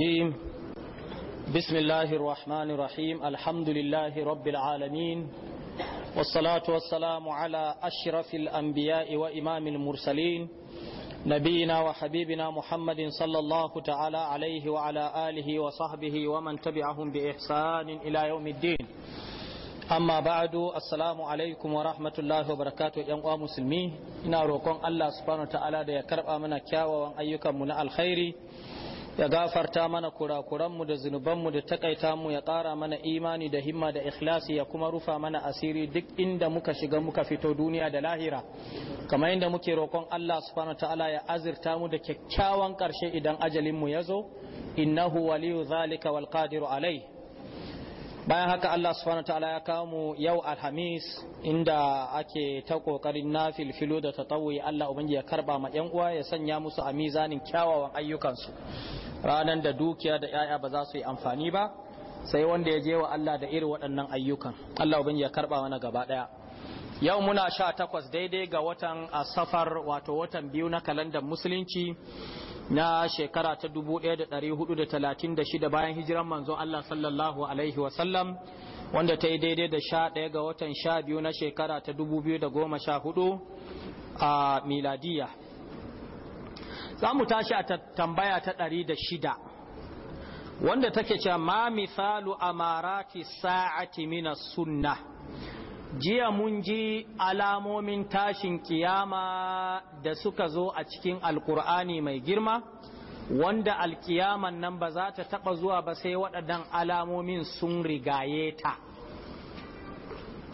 الرجيم بسم الله الرحمن الرحيم الحمد لله رب العالمين والصلاة والسلام على أشرف الأنبياء وإمام المرسلين نبينا وحبيبنا محمد صلى الله تعالى عليه وعلى آله وصحبه ومن تبعهم بإحسان إلى يوم الدين amma ba'adu assalamu alaikum wa rahmatullahi wa barakatuh yan uwa musulmi ina roƙon Allah subhanahu wa ta'ala da ya karba mana kyawawan ayyukan mu na alkhairi ya gafarta mana kurakuranmu da zunubanmu da takaita mu ya ƙara mana imani da himma da ikhlasi ya kuma rufa mana asiri duk inda muka shiga muka fito duniya da lahira kamar inda muke roƙon Allah subhanahu ta'ala ya azirta mu da kyakkyawan ƙarshe idan ajalinmu ya zo innahu waliyu zalika wal qadiru alai bayan haka Allah subhanahu ta'ala ya kawo yau alhamis inda ake ta kokarin na filfilo da tatawuyi Allah ubangi ya karba ma yan uwa ya sanya musu a mizanin kyawawan ayyukansu ranar da dukiya da yaya ba za su yi amfani ba sai wanda ya je wa Allah da irin waɗannan ayyukan Allah ubangi ya karba mana gaba ɗaya yau muna sha takwas daidai ga watan asafar wato watan biyu na kalandar musulunci na shekara ta 1436 bayan hijiran manzo Allah sallallahu alaihi wasallam wanda ta yi daidai da sha ɗaya ga watan sha biyu na shekara ta 2014 a miladiya za mu tashi a tambaya ta 106 wanda take cewa ma misalu amarati sa'ati mina sunna. jiya mun ji alamomin tashin kiyama da suka zo a cikin alkur'ani mai girma wanda alkiyaman nan ba za ta taba zuwa ba sai waɗannan alamomin sun rigaye ta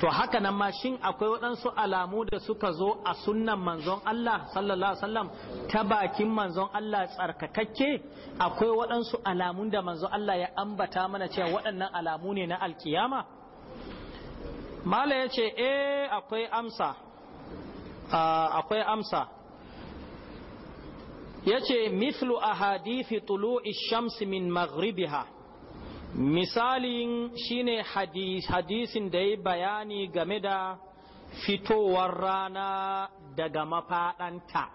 to haka nan ma shin akwai waɗansu alamu da suka zo a sunnan manzon Allah sallallahu alaihi wasallam ta bakin manzon Allah tsarkakakke akwai waɗansu alamun da manzon Allah ya ambata mana cewa waɗannan alamu ne na alkiyama mala ya ce eh akwai amsa akwai amsa ya ce mithlu ahadithi tulu'i shamsi min maghribiha misalin shine hadisin da ya bayani game da fitowar rana daga mafaɗanta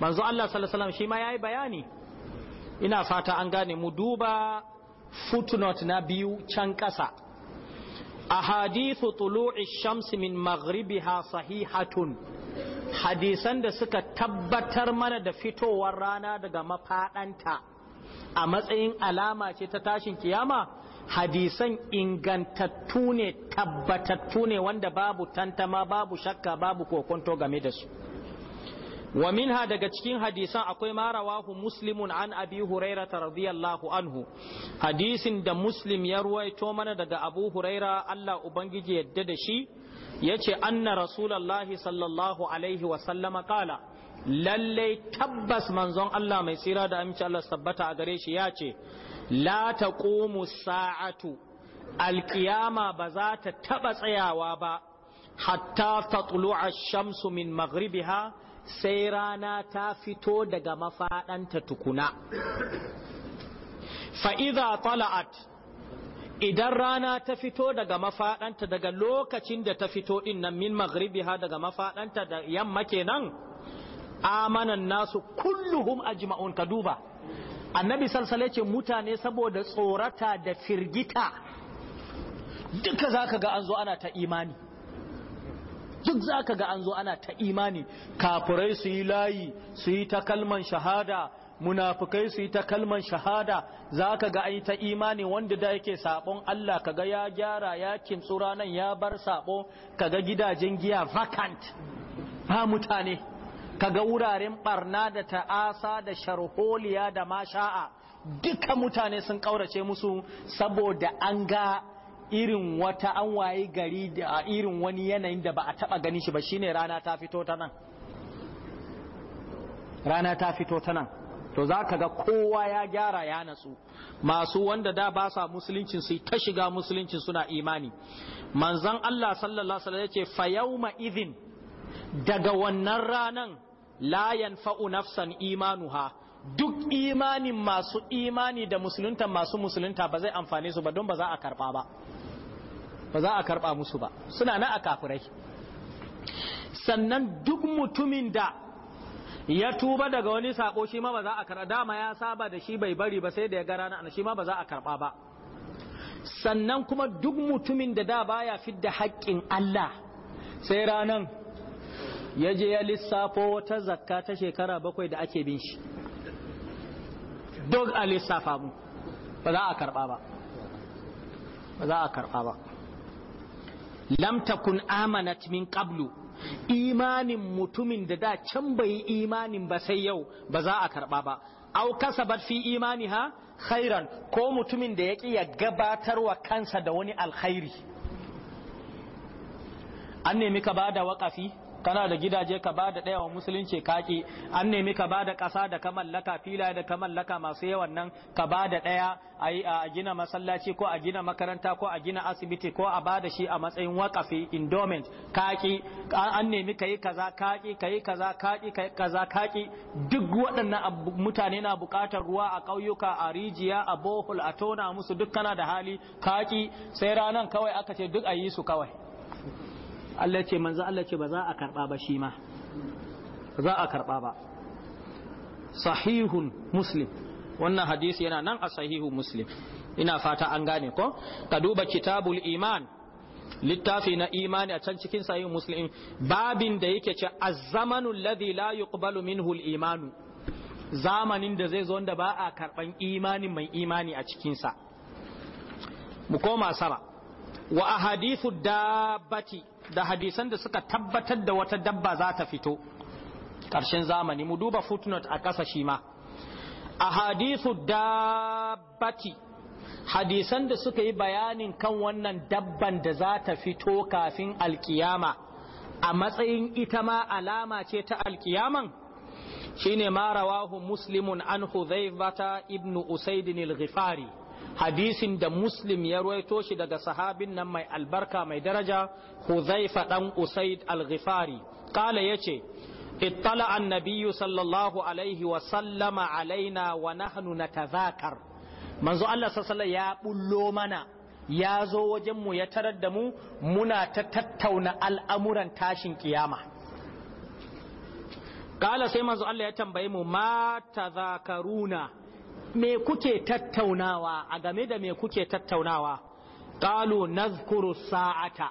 manzo Allah sallallahu shi ma ya yi bayani ina fata an gane mu duba footnote na biyu can ƙasa ahadithu tulu'i shamsi min maghribiha sahihatun hadisan da suka tabbatar mana da fitowar rana daga mafaɗanta a matsayin alama ce ta tashin kiyama hadisan ingantattu ne tabbatattu ne wanda babu tantama babu shakka babu kokonto game da su wa minha daga cikin hadisan akwai ma rawahu muslimun an abi huraira radiyallahu anhu hadisin da muslim ya ruwaito mana daga abu huraira Allah ubangiji yadda da shi yace anna rasulullahi sallallahu alaihi wa sallama qala lallai tabbas manzon Allah mai tsira da aminci Allah sabbata a gare shi ya ce la taqumu sa'atu alkiyama ba za ta taba tsayawa ba hatta tatlu'a shamsu min maghribiha sai rana ta fito daga mafaɗanta tukuna fa'iza tala'at idan rana ta fito daga mafaɗanta daga lokacin da ta fito ɗin nan min maghribi ha daga mafaɗanta da yamma kenan amanan nasu kulluhum ajma'un ka duba annabi salsale ce mutane saboda tsorata da firgita duka zaka ga an zo ana ta imani duk za ka ga an zo ana ta imani kafirai su yi layi su yi ta kalman shahada munafukai su yi ta kalman shahada za ka ga ai ta imani wanda da yake sabon Allah kaga ya gyara ya kintsu ranan ya bar sabo kaga gidajen giya vacant ba mutane kaga wuraren barna da ta'asa da sharholiya da masha'a duka mutane sun kaurace musu saboda an ga irin wata an waye gari da a irin wani yanayin da ba a taba ganin shi ba shine rana ta fito ta nan rana ta fito ta nan to za ka ga kowa ya gyara ya natsu masu wanda da ba sa musulunci su ta shiga musuluncin suna imani manzan Allah sallallahu alaihi wasallam yace fa yawma idhin daga wannan ranan la yanfa'u nafsan imanuha duk imanin masu imani da musulunta masu musulunta ba zai amfane su ba don ba za a karba ba ba za a karba musu ba suna na a kafirai sannan duk mutumin da ya tuba daga wani sako shi ma ba za a karba dama ya saba da shi bai bari ba sai da ya ga rana shi ma ba za a karba ba sannan kuma duk mutumin da da baya fidda haƙƙin Allah sai ranan ya je ya lissafo wata zakka ta shekara bakwai da ake bin shi duk a lissafa mu ba za a karba ba ba za a karba ba lam takun amanat min qablu imanin mutumin da da can bai imanin ba sai yau ba za a karba ba aw kasabat fi imaniha khairan ko mutumin da yaki ya gabatar wa kansa da wani alkhairi an nemi ka bada waƙafi kana da gidaje ka ba da ɗaya wa musulunci kaki an nemi ka ba da ƙasa da ka mallaka filaye da ka mallaka masu yawan nan ka ba da ɗaya a gina masallaci ko a gina makaranta ko a gina asibiti ko a ba da shi a matsayin wakafi endowment kaƙi an nemi ka yi kaza kaki ka yi kaza kaki ka yi kaza kaki duk waɗannan mutane na buƙatar ruwa a ƙauyuka a rijiya a bohol a tona musu duk kana da hali kaƙi sai ranan kawai aka ce duk a yi su kawai Allah ce manzo Allah ce ba za a karba ba shi ma za a karba ba sahihun muslim wannan hadisi yana nan a sahihu muslim ina fata an gane ko ka duba kitabul iman littafi na imani a can cikin sahihu muslim babin da yake ce azzamanu alladhi la yuqbalu minhu al-imanu zamanin da zai zo da ba a karban imanin mai imani a cikinsa mu koma sara wa ahadithu dabbati da hadisan da suka tabbatar da wata dabba za ta fito ƙarshen zamani mu duba footnote a ƙasa shi ma a hadisu dabbati hadisan da suka yi bayanin kan wannan dabban da za ta fito kafin alkiyama a matsayin ita ma alama ce ta alkiyaman shine ma rawahu muslimun an huzaifata ibnu usaidin al-ghifari hadisin da muslim ya ruwaito shi daga sahabin nan mai albarka mai daraja huzaifa dan usaid al-ghifari kala yace ittala annabiyyu sallallahu alaihi wa sallama alaina wa nahnu natazakar manzo Allah sallallahu ya bullo mana ya zo wajen mu ya tarar da mu muna ta tattauna al'amuran tashin kiyama Ƙala sai manzo Allah ya tambayi mu ma tazakaruna me kuke tattaunawa a game da me kuke tattaunawa qalu nazkuru sa'ata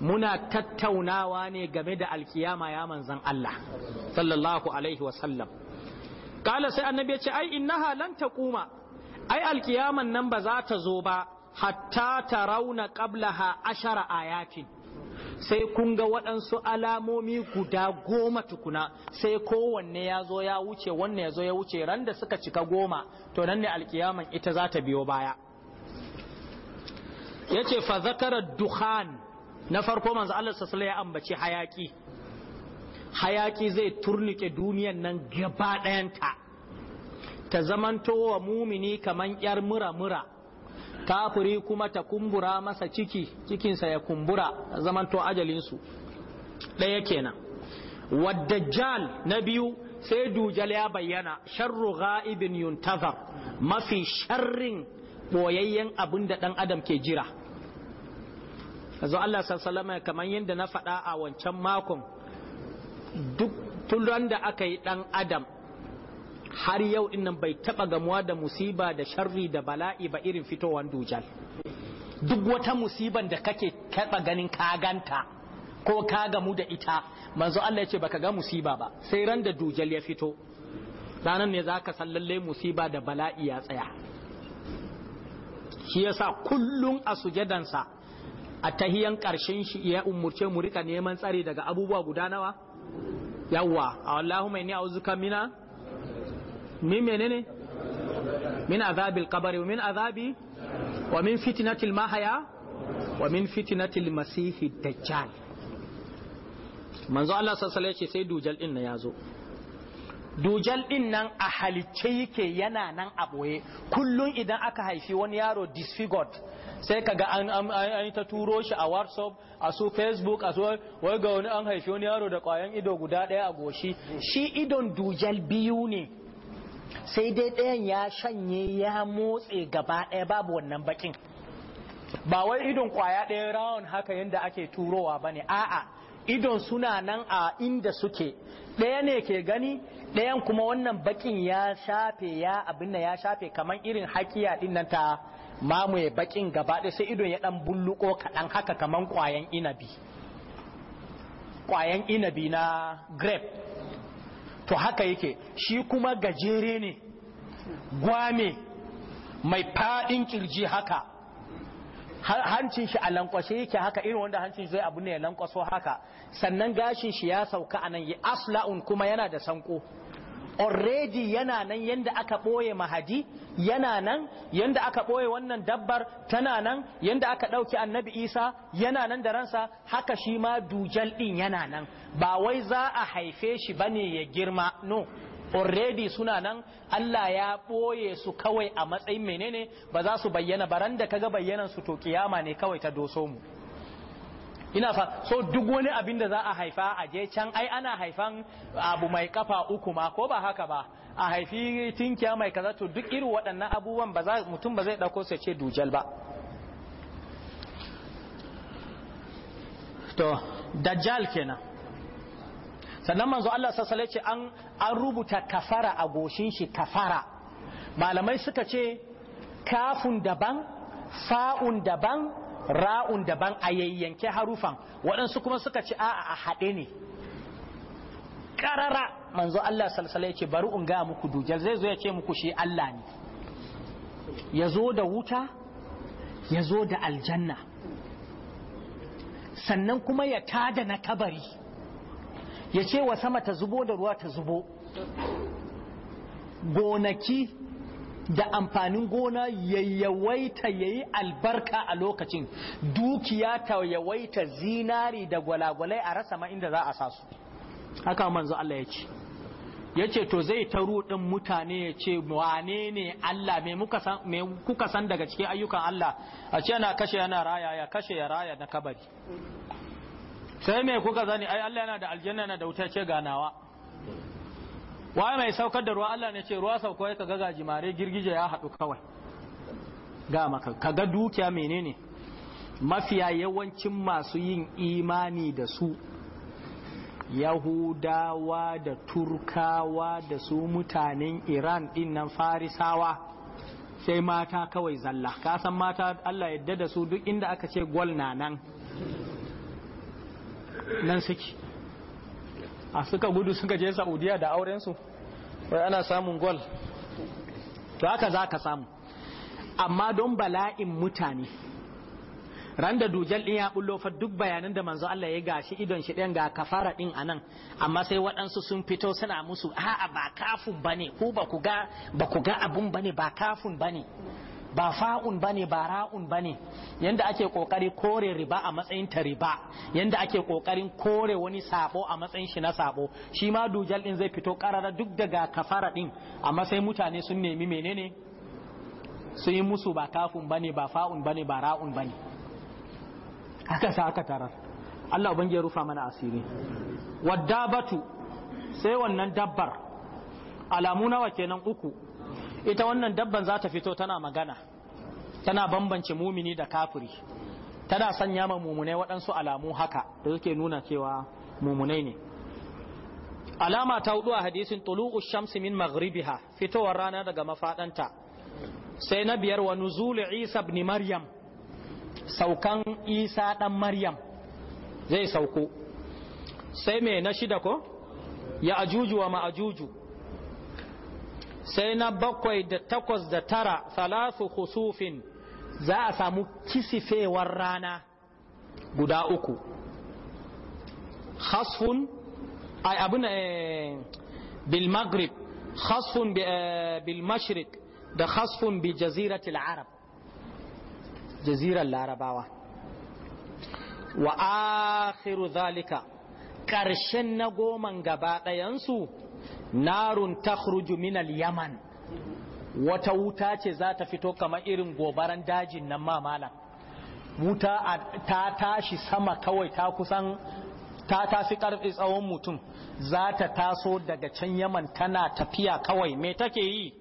muna tattaunawa ne game da alkiyama ya manzan Allah sallallahu alaihi wasallam kala sai annabi ya ce ai innaha lan taquma ai alkiyaman nan ba za ta zo ba hatta tarawna qablaha ashara ayatin sai kun ga waɗansu alamomi guda goma tukuna sai kowanne ya zo ya wuce wanne ya zo ya wuce ran da suka cika goma to nan ne alkiyaman ita za ta biyo baya ya ce fa Zakarar dukhan na farko manzu Allah sassala ya ambaci hayaki hayaki zai turnike duniyan nan gaba ɗayanta ta zamanto wa mumini kamar yar mura-mura kafiri kuma ta kumbura masa ciki cikinsa ya kumbura zamanto ajalinsu ɗaya kenan waddajjal na biyu sai dujal ya bayyana sharru ga'ibin yuntazar mafi sharrin boyayyen abin da ɗan adam ke jira yanzu Allah sallama kamar yadda na faɗa a wancan makon duk tun da aka yi ɗan adam har yau din bai taba gamuwa da musiba da sharri da bala'i ba irin fitowan dujal duk wata musiban da kake taba ganin kaganta ko ka gamu da ita manzo Allah ya ce baka ga musiba ba sai ran da dujal ya fito ranan ne zaka san lalle musiba da bala'i ya tsaya shi yasa kullun a sujadansa a tahiyan karshen shi ya umurce mu rika neman tsare daga abubuwa guda nawa yawwa Allahumma inni auzuka mina min menene min azabil qabri wa min azabi wa min fitnatil mahaya wa min fitnatil masihi dajjal manzo Allah sallallahu alaihi wasallam sai dujal din na yazo dujal din nan a halicce yake yana nan a boye kullun idan aka haifi wani yaro disfigured sai kaga an an ta turo shi a WhatsApp a su Facebook a su wai ga wani an haifi wani yaro da kwayan ido guda daya a goshi shi idon dujal biyu ne sai dai ɗayan ya shanye ya motse gaba ɗaya babu wannan bakin ba wai idon kwaya ɗaya rawon haka yadda ake turowa ba ne a'a idon suna nan a inda suke ɗaya ne ke gani ɗayan kuma wannan bakin ya shafe ya abin ya shafe kamar irin hakiya ɗin nan ta mamaye bakin gaba ɗaya sai idon ya ɗan bulluko kaɗan haka kamar kwayan inabi kwayan inabi na grape to haka yake shi kuma gajere ne gwame mai fadin kirji haka hancin shi a lankwashe yake haka irin wanda hancin zai abu ne ya lankwaso haka sannan gashin shi ya sauka anan yi asla'un kuma yana da sanko already yana nan yanda aka ɓoye mahadi yana nan yanda aka ɓoye wannan dabbar tana nan yanda aka ɗauki annabi isa yana nan da ransa haka shi ma dujal ɗin yana nan ba wai za a haife shi bane ya girma no already suna nan Allah ya ɓoye su kawai a matsayin menene ba za su bayyana baran da kaga bayyanan su to kiyama ne kawai ta doso mu ina fa so duk wani abin da za a haifa a je can ai ana haifan abu mai kafa uku ma ko ba haka ba a haifi tinkiya mai kaza to duk irin waɗannan abubuwan ba mutum ba zai ɗauko sai ce dujal ba to dajjal kenan sannan manzo Allah sassale ce an an rubuta kafara a goshin shi kafara malamai suka ce kafun daban fa'un daban ra'un daban a yayyanke harufan waɗansu kuma suka ci a'a a haɗe ne ƙarara manzo Allah salsala ya ce bari in gaya muku dujar zai zo ya ce muku shi Allah ne ya zo da wuta ya zo da aljanna sannan kuma ya tada na kabari ya ce wa sama ta zubo da ruwa ta zubo gonaki da amfanin gona ya yayi albarka a lokacin dukiya ta yawaita zinari da gwalagwalai a rasa ma inda za a sa su haka manzo Allah ya ce ya to zai taru ɗin mutane ya ce wane ne Allah me kuka san daga cikin ayyukan Allah a ce yana kashe yana raya ya kashe ya raya na kabari sai me kuka zani ai Allah yana da aljanna na da wuta ce ganawa waye mai saukar da ruwa Allah ne ce ruwa sauko ya kaga gajimare girgije ya haɗu kawai ga maka kaga dukiya menene mafiya yawancin masu yin imani da su yahudawa da turkawa da su mutanen iran din nan farisawa sai mata kawai zalla kasan mata allah yadda da su duk inda aka ce gwal na nan nan suke a ah, suka gudu suka je saudiya da aurensu wai ana samun gol to haka za ka samu amma don bala'in mutane ran da dujal ɗin ya bullo fa duk bayanan da manzo Allah ya gashi idon shi ɗin ga kafara ɗin anan. amma sai waɗansu sun fito suna musu a'a ba kafun bane ko ba ku ga ba ku ga abun bane ba kafun bane ba fa'un bane ba ra'un bane yadda ake kokari kore riba a matsayin ta riba yadda ake kokarin kore wani sabo a matsayin shi na sabo shi ma dujal ɗin zai fito karara duk daga kafara ɗin amma sai mutane sun nemi menene sun yi musu ba kafun bane ba fa'un bane ba ra'un bane haka sa aka tarar Allah ban ya rufa mana asiri wadda batu sai wannan dabbar alamu nawa kenan uku ita wannan dabban za ta fito tana magana tana bambance mumini da kafiri tana sanya ma mumunai waɗansu alamu haka da suke nuna cewa mumunai ne alama ta hudu a hadisin tulu'u shamsi min maghribiha fitowar rana daga mafadanta sai na biyar wa nuzul isa ibn maryam saukan isa dan maryam zai sauko sai me na shida ko ya ajuju wa ma'ajuju sai na bakwai da takwas da tara salasu khusufin za a samu kisifewar rana guda uku khasfun ay abun eh, bil maghrib khasfun eh, bil mashriq da khasfun bi jaziratil arab jazirar larabawa wa akhiru zalika ƙarshen na goman gaba ɗayansu narun takhruju minal yaman wata wuta ce za ta fito kamar irin gobaran dajin nan mamala wuta ta tashi sama kawai ta kusan ta tafi karfi tsawon mutum za ta taso daga can yaman tana tafiya kawai me take yi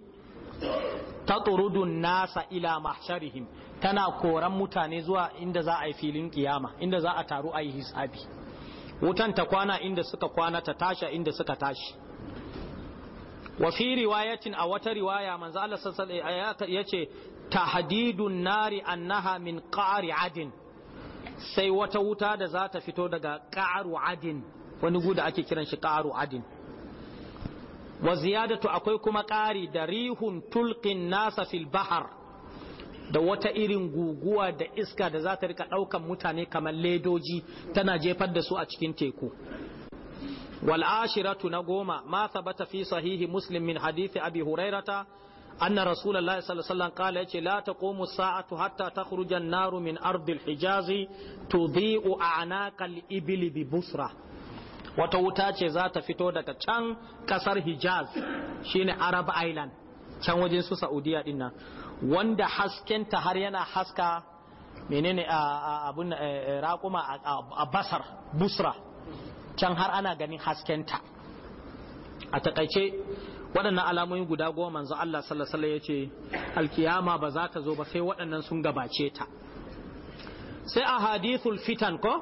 ta tsurudun nasa ila mahsharihim tana koran mutane zuwa inda za a yi filin kiyama inda za a taru ayi yi hisabi wutan ta kwana inda suka kwana ta tashi inda suka tashi wa fi riwayatin a wata riwaya manzo Allah sallallahu alaihi yace tahdidun nari annaha min qa'ri adin sai wata wuta da za ta fito daga qa'ru adin wani gudu ake kiran shi qa'ru adin wa ziyadatu akwai kuma ƙari da rihun tulqin nasa fil bahar da wata irin guguwa da iska da za ta rika ɗaukan mutane kamar ledoji tana jefar da su a cikin teku wal ashiratu na goma ma sabata fi sahihi muslim min hadisi abi hurairata anna rasulullahi sallallahu alaihi wasallam qala yace la taqumu sa'atu hatta takhruja an-naru min ardi al-hijazi tudhi'u a'naqa al-ibli busra wata wuta ce za ta fito daga can kasar hijaz shine arab island can wajen su saudiya din nan wanda haskenta har yana haska menene abun eh, eh, raƙuma a basar busra can har ana ganin haskenta a takaice waɗannan alamomi guda goma manzo Allah sallallahu alaihi ce alkiyama ba za ta zo ba sai waɗannan sun gabace ta sai a hadithul fitan ko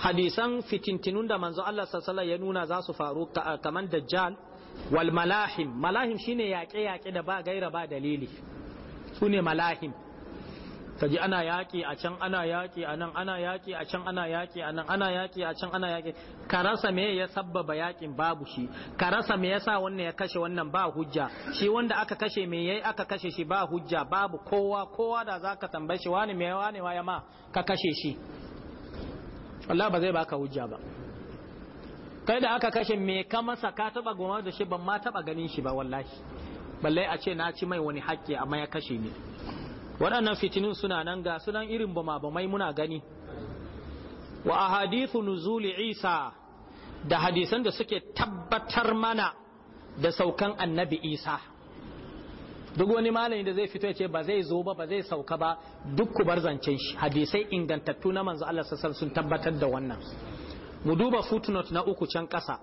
hadisan fitintinun da manzo Allah sallallahu ya nuna za su faru kamar dajjal wal malahim malahim shine yaƙe yaƙe da ba gaira ba dalili sune malahim kaji ana yaƙi a can ana yaƙi a nan ana yaƙi a can ana yaƙi a nan ana yaƙi a can ana yaƙi ka rasa me ya sabbaba yaƙin babu shi ka rasa me yasa wannan ya kashe wannan ba hujja shi wanda aka kashe me yayi aka kashe shi ba hujja babu kowa kowa da zaka tambaye shi wani me wani waya ma ka kashe shi Allah ba zai baka hujja ba kai da aka kashe me ka masa ka taba goma da shi ban ma taba ganin shi ba wallahi balle a ce na ci mai wani haƙƙi amma ya kashe ni waɗannan fitinin suna nan ga sunan irin bama bamai muna gani wa hadithu nuzuli isa da hadisan da suke tabbatar mana da saukan annabi isa duk wani malami da zai fito ya ce ba zai zo ba ba zai sauka ba duk ku bar zancen shi hadisai ingantattu na manzo Allah Sassan sun tabbatar da wannan mu duba footnote na uku can kasa.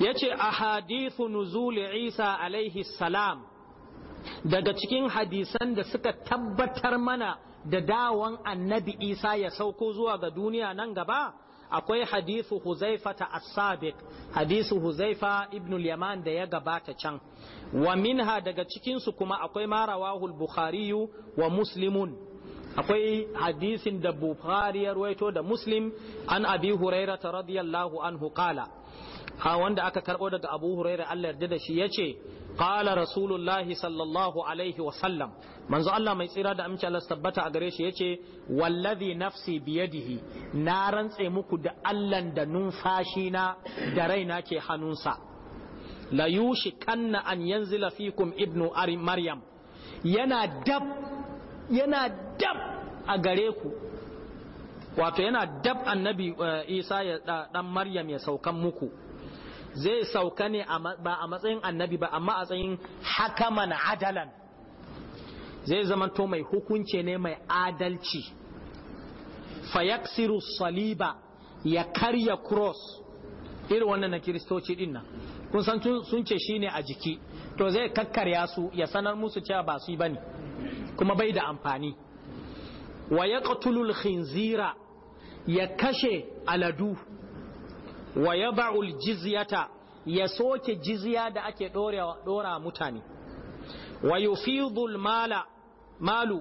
yace ahadithu nuzuli isa alaihi salam daga cikin hadisan da suka tabbatar mana da dawon annabi isa ya sauko zuwa ga duniya nan gaba akwai hadisu huzaifa ta asabiq hadisu huzaifa Ibnul yaman da ya gabata can wa minha daga cikinsu kuma akwai marawahul bukhariyu wa muslimun akwai hadisin da bukhari ya ruwaito da muslim an abi hurairata radiyallahu anhu qala ha wanda aka karɓo daga Abu Huraira Allah yarda da shi yace qala rasulullahi sallallahu alaihi wa sallam manzo Allah mai tsira da aminci Allah tabbata a gare shi yace wallazi nafsi biyadihi na rantse muku da Allah da numfashi na da raina ke hannunsa la yushikanna an yanzila fikum ibnu maryam yana dab yana dab a gare ku wato yana dab annabi eh, isa ya dan maryam ya saukan muku zai sauka ne ba a matsayin annabi ba amma a tsayin hakaman adalan zai zamanto mai hukunce ne mai adalci fayaksiru saliba ya karya cross irin wannan na kiristoci din nan kun san sun ce shine a jiki to zai kakkarya su ya sanar musu cewa ba su ne. kuma bai da amfani wa ƙatulul khinzira ya kashe aladu wa yaba'ul jizyata ya soke jizya da ake dora mutane wa yufidul mala malu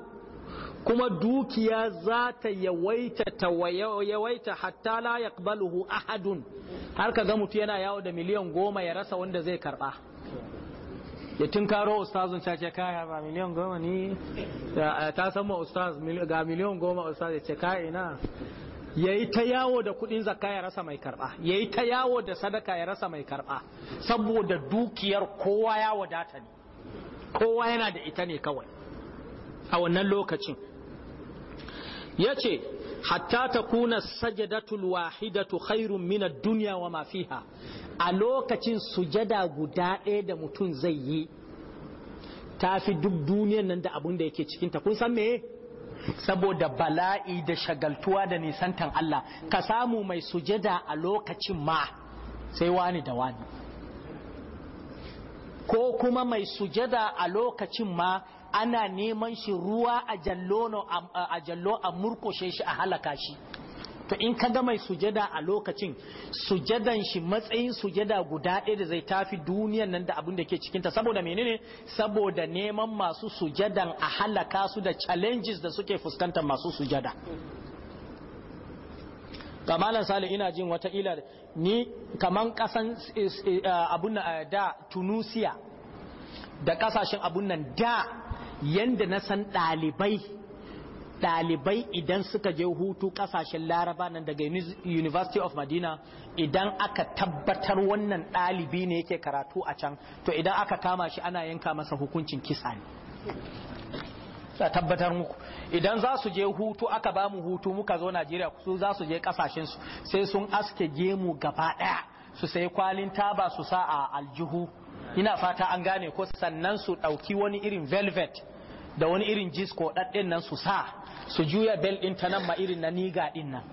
kuma dukiya za ta yawaita ta yawaita hatta la yaqbaluhu ahadun har ka ga mutu yana yawo da miliyan goma ya rasa wanda zai karba ya tun karo ustazun ta ce kaya ba miliyan goma ni ta ma ustaz ga miliyan goma ustaz ya ce kaya ina yayi ta yawo da kudin zaka ya rasa mai karba yayi ta yawo da sadaka ya rasa mai karba saboda dukiyar kowa ya wadata ne kowa yana da ita ne kawai a wannan lokacin Ya ce hatta ta kuna sajadatul wahidatu khairun min ad-dunya wa ma fiha a lokacin sujada guda ɗaya da mutum zai yi ta fi duk duniyar nan da abun da yake cikinta kun san me. saboda bala'i da shagaltuwa da nisantan Allah ka samu mai sujada a lokacin ma sai wani da wani ko kuma mai sujada a lokacin ma ana neman shi ruwa a jallo a murkushe shi a halaka shi to in ka ga mai sujada a lokacin sujadan shi matsayin sujada guda ɗaya da zai tafi duniyan nan da abin da ke cikinta saboda menene saboda neman masu sujadan a halaka su da challenges da suke fuskantar masu sujada kamalan sale ina jin wata ila ni kaman kasan eh, eh, eh, abun da tunusiya da kasashen abun nan da yanda na san ɗalibai Dalibai idan suka je hutu kasashen laraba nan daga university of madina idan aka tabbatar wannan dalibi ne yake karatu a can to idan aka kama shi ana yanka masa hukuncin kisa ne A tabbatar muku idan za su je hutu aka ba mu hutu muka zo najeriya su za su je su sai sun aske gemu gaba daya. su sai kwalin taba su sa a aljihu ina fata an gane ko sannan su ɗauki wani irin velvet da wani irin jisko ɗaɗɗen nan su sa su juya bel din ta nan ma irin na niga din nan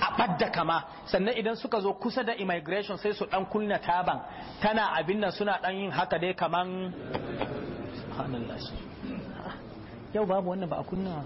a ɓadda kama sannan idan suka zo kusa da immigration sai su ɗan kunna taban tana abin nan suna ɗan yin haka dai kaman yau babu wannan ba a kunna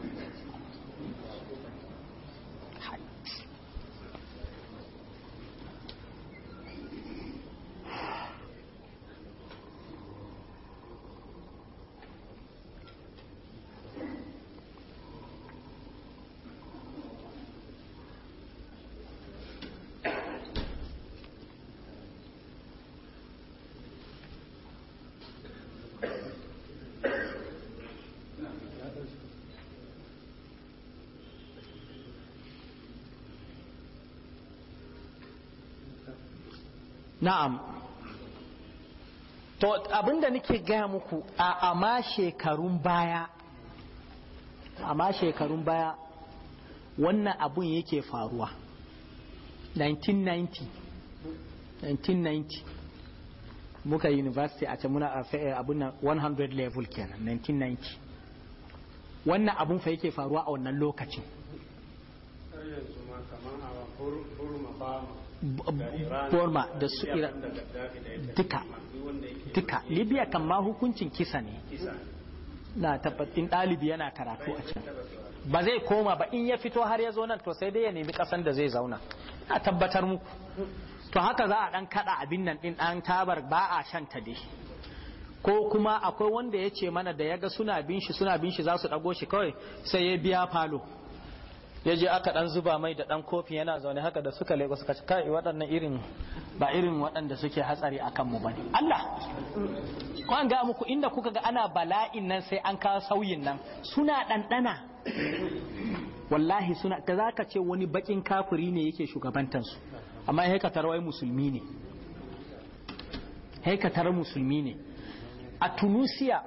na'am to abinda nake gaya muku a amma shekarun baya amma shekarun baya wannan abun yake faruwa 1990 1990 muka university a can muna eh, abun nan 100 level kenan 1990 wannan abun fa yake faruwa a wannan lokacin burma da su iran duka duka libya kan ma hukuncin kisa ne na tabbatin dalibi yana karatu a can ba zai koma ba in ya fito har ya zo nan to sai dai ya nemi ƙasan da zai zauna na tabbatar muku to haka za a ɗan kaɗa abin nan ɗin ɗan tabar ba a shan ta dai ko kuma akwai wanda ya ce mana da ya ga suna bin shi suna bin shi za su ɗago shi kawai sai ya biya falo ya je aka dan zuba mai da dan kofi yana zaune haka da suka lego suka ci kai waɗannan irin ba irin waɗanda suke hatsari akan ba bane Allah ko an ga muku inda kuka ga ana bala'in nan sai an kawo sauyin nan suna ɗanɗana wallahi suna ka zaka ce wani bakin kafiri ne yake shugabantansu amma haika tarwai musulmi ne haika tar musulmi ne a Tunisia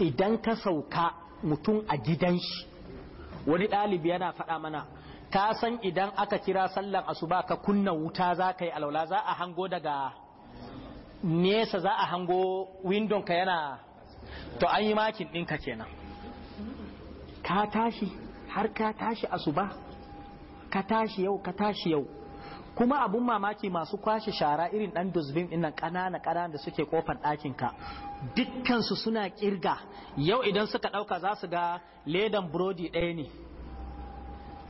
idan ka sauka mutum a gidan shi wani ɗalibi yana faɗa mana ka san idan aka kira sallan asuba ka kunna wuta za ka yi alaula za a hango daga nesa za a hango windon ka yana to an yi makin ɗinka kenan ka tashi har ka tashi asuba ka tashi yau ka tashi yau kuma abun mamaki masu kwashe shara irin dan dusbin din kanana kanana da suke kofar ɗakin ka dukkan su suna kirga yau idan suka ɗauka za su ga ledan burodi ɗaya ne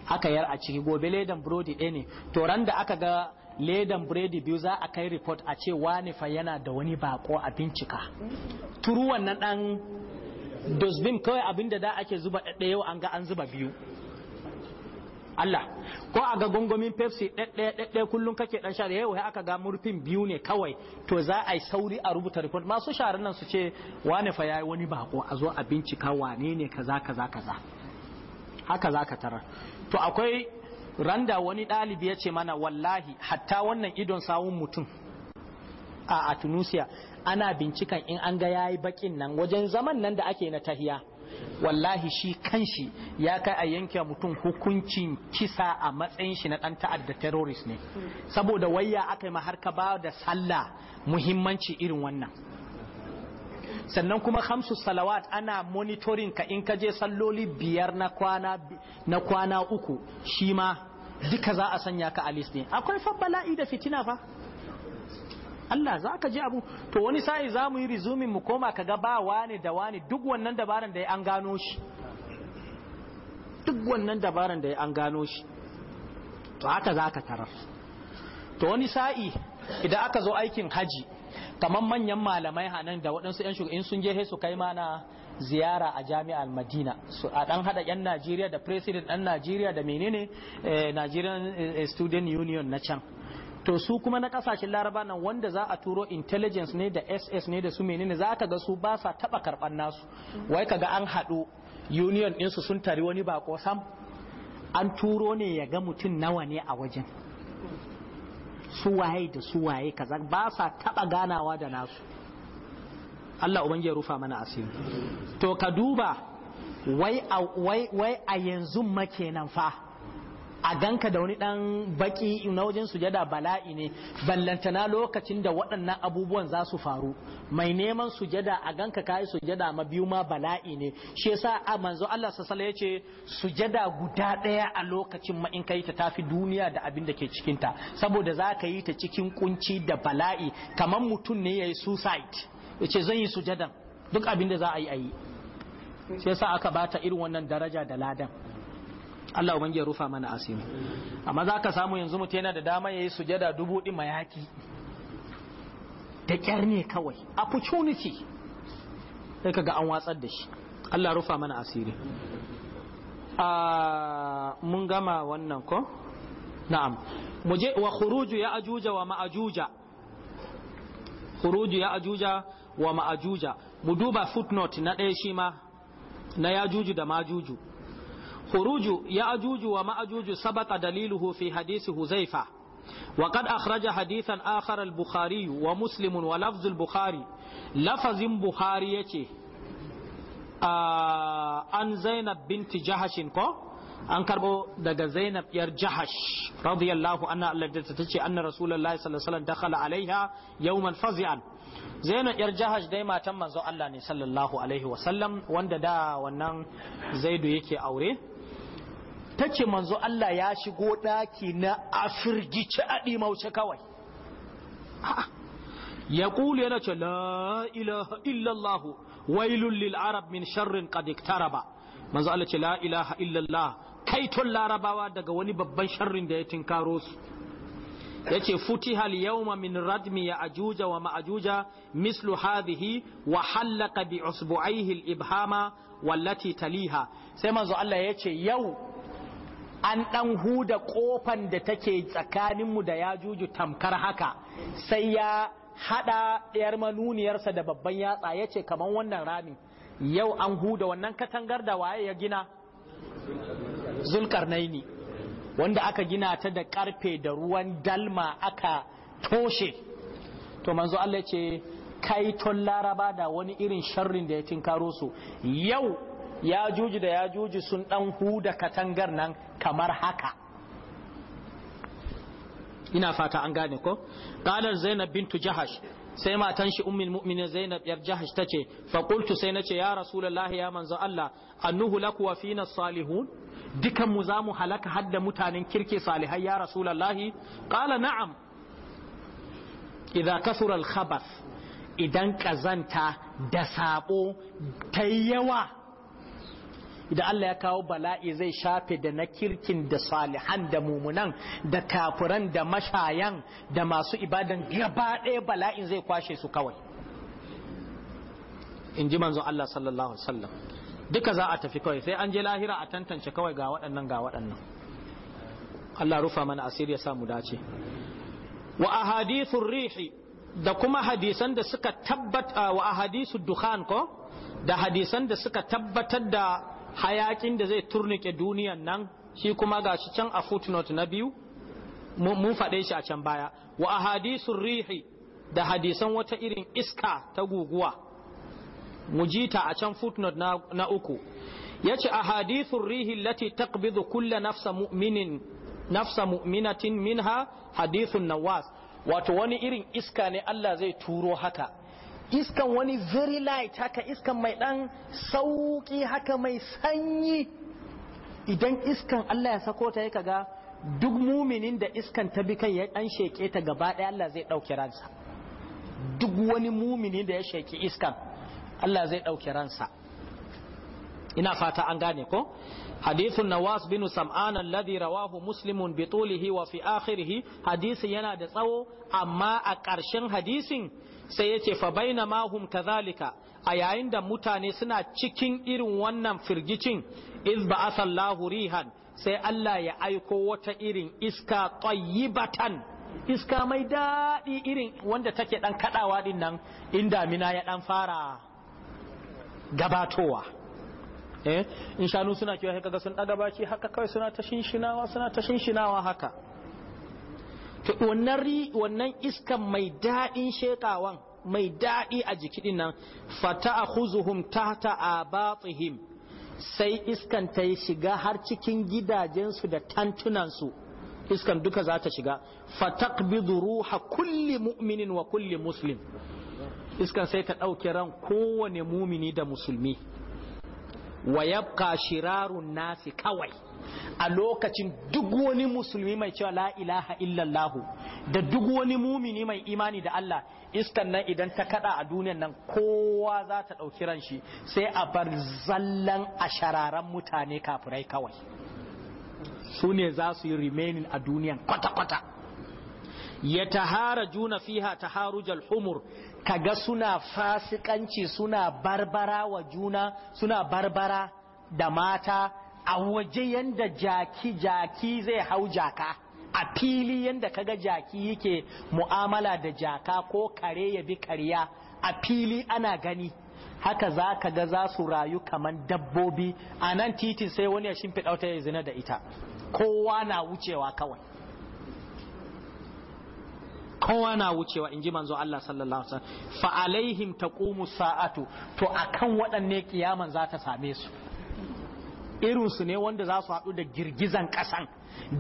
aka yar a ciki gobe ledan burodi ɗaya ne to ran da aka ga ledan brodi biyu za a kai report a ce wani fa yana da wani bako a bincika turu wannan dan dusbin kawai abinda da ake zuba ɗaya yau an ga an zuba biyu Allah ko a ga gongomin Pepsi ɗaɗɗaya ɗaɗɗaya kullum kake ɗan sha yau aka ga murfin biyu ne kawai to za a yi sauri a rubuta report masu sharan nan su ce wane fa yayi wani bako a zo a bincika wane ne kaza kaza kaza haka za ka tarar to akwai randa wani ɗalibi ya ce mana wallahi hatta wannan idon sawun mutum a, a Tunusia ana bincikan in an ga yayi bakin nan wajen zaman nan da ake na tahiya wallahi shi kanshi ya kai a yanke mutum hukuncin kisa a matsayin shi na ɗan ta'adda terrorist ne saboda wayya aka yi ma har ba da sallah muhimmanci irin wannan sannan kuma hamsu salawat ana monitoring ka in ka je salloli biyar na kwana na kwana uku shi ma duka za a sanya ka a ne akwai fa bala'i da fitina fa Allah za ka ji abu to wani sa'i za mu yi rizumin mu koma ka ga ba wani da wani duk wannan dabaran da ya an gano shi duk wannan dabaran da ya an gano shi to haka za ka tarar to wani sa'i idan aka zo aikin haji kamar manyan malamai hanan da waɗansu 'yan shugaban sun je su kai mana ziyara a jami'ar madina so, a dan hada 'yan najeriya da president ɗan najeriya da menene eh, nigerian eh, eh, student union na can to su kuma na kasashen laraba nan wanda za a turo intelligence ne da ss ne da su menene za ka ga su ba sa taba karban nasu wai kaga an haɗu union ɗinsu sun tari wani bako sam an turo ne ya ga mutum nawa ne a wajen su waye da su waye kaza ba sa taba ganawa da nasu Allah ubangi ya rufa mana asiri to ka duba wai a yanzu makenan fa a ganka da wani dan baki na wajen sujada bala'i ne ballantana lokacin da waɗannan abubuwan za su faru mai neman sujada a ganka yi sujada ma biyu ma bala'i ne shi yasa a manzo Allah sallallahu ce sujada guda ɗaya a lokacin ma in kai ta tafi duniya da abin da ke cikin ta saboda za ka yi ta cikin kunci da bala'i kamar mutum ne yayi suicide yace zan yi sujadan duk abin da za a yi a yi shi yasa aka bata irin wannan daraja da ladan Allah ubangi ya rufa mana asiri amma za ka samu yanzu mutum yana da dama ya yi sujada dubu ɗin mayaki da ƙyar ne kawai opportunity sai ka ga an watsar da shi Allah rufa mana asiri a mun gama wannan ko na'am muje wa khuruju ya ajuja wa ma'ajuja khuruju ya ajuja wa ma'ajuja mu duba footnote na ɗaya shi ma na yajuju da majuju khuruju ya ajuju wa ma'ajuju sabaka daliluhu fi hadisi huzaifa وقد أخرج حديثا آخر البخاري ومسلم ولفظ البخاري لفظ بخاري يتي an zainab binti jahashin ko an karbo daga zainab yar jahash radiyallahu anha Allah da ta ce anna rasulullahi sallallahu alaihi wasallam dakhala alaiha yawman zainab yar jahash dai matan manzo Allah ne sallallahu alaihi wasallam wanda da wannan zaidu yake aure ta ce manzo Allah ya shigo ɗaki na a firgici a ɗimauce kawai ya ƙuli yana ce la ilaha illallahu wailun lil arab min sharrin qad iktaraba manzo Allah ce la ilaha illallah kaiton larabawa daga wani babban sharrin da ya tinkaro su yace hal yau ma min radmi ya ajuja wa ma'ajuja mislu hadhihi wa hallaka bi usbu'aihi ibhama wallati taliha sai manzo Allah yace yau an ɗan huda ƙofan da take tsakaninmu da ya juju tamkar haka sai ya haɗa ɗayar manuniyarsa da babban yatsa ya ce kamar wannan rami yau an huda wannan katangar da waye ya gina zulkarnaini wanda aka gina ta da ƙarfe da ruwan dalma aka toshe to manzo Allah ce kai kaiton laraba da wani irin sharrin da ya tinkaro su yau ya juji da ya juji sun ɗan huda katangar nan kamar haka ina fata an gane ko qalar zainab bintu jahash sai matan shi ummul mu'minin zainab yar jahash tace fa qultu sai nace ya rasulullah ya manzo Allah annuhu laku wa fina salihun dukan mu zamu halaka hadda mutanen kirke salihai ya rasulullah qala na'am idza kasura al khabath idan kazanta da sabo ta yawa idan Allah ya kawo bala'i zai shafe da na kirkin da salihan da mumunan da kafiran da mashayan da masu ibadan gaba ɗaya bala'in zai kwashe su kawai in ji manzon Allah sallallahu alaihi wasallam duka za a tafi kawai sai an je lahira a tantance kawai ga waɗannan ga waɗannan Allah rufa mana asiri ya samu dace wa ahadithur rihi da kuma hadisan da suka tabbata wa ahadithud dukhan ko da hadisan da suka tabbatar da hayakin da zai turnike duniyan nan shi kuma ga shi can a footnote na biyu mu faɗe shi a can baya wa ahadisun rihi da hadisan wata irin iska ta guguwa mu jita a can footnote na, na uku ya ce ahadisun rihi lati taqbidu kulla nafsa mu'minin nafsa mu'minatin minha hadithun nawas wato wani irin iska ne Allah zai turo haka iskan wani very light haka iskan mai dan sauki haka mai sanyi idan iskan Allah ya sako ta yaka ga duk muminin da iskan ta bi kan ya dan sheke ta gaba ɗaya Allah zai ɗauki ransa duk wani mumini da ya sheki iskan Allah zai ɗauki ransa ina fata an gane ko حديث النواس بن سمعان الذي رواه مسلم بطوله وفي yana da tsawo amma a أكرشن حديث sai yace fa baina mahum kazalika a yayin da mutane suna cikin irin wannan firgicin iz ba'athallahu rihan sai Allah ya aiko wata irin iska tayyibatan iska mai daɗi irin wanda take ɗan kaɗawa din nan in damina ya ɗan fara gabatowa eh in shanu suna kiwa haka sun daga baki haka kawai suna ta shinshinawa suna ta shinshinawa haka wannan iskan mai daɗin shekawan mai daɗi a jiki ɗin nan fata a huzuhum tahta a batsihim sai iskan ta yi shiga har cikin gidajensu da tantunansu iskan duka za ta shiga fataqbidu ha kulli mu'minin wa kulli muslim iskan sai ta ɗauki ran kowane mumini da musulmi wa yabqa shirarun nasi kawai a lokacin duk wani musulmi mai cewa la ilaha illallah da duk wani mumini mai imani da Allah iskan nan idan ta kada a duniyan nan kowa za ta ɗauki ran shi sai a bar zallan a shararan mutane kafirai kawai su ne za su yi remaining a duniyan kwata-kwata ya tahara juna fiha ta harujal humur kaga suna fasikanci suna barbara wa juna suna barbara da mata a waje yanda jaki jaki zai hau jaka a fili yanda kaga jaki yake mu'amala da jaka ko kare ya bi kariya a fili ana gani haka za ka ga za su rayu kamar dabbobi a nan titin sai wani ya shimfiɗa wata ya zina da ita kowa na wucewa kawai kowa na wucewa in ji manzo Allah sallallahu alaihi wasallam fa alaihim taqumu sa'atu to akan waɗanne kiyaman za ta same su irin su ne wanda za su haɗu da girgizan ƙasan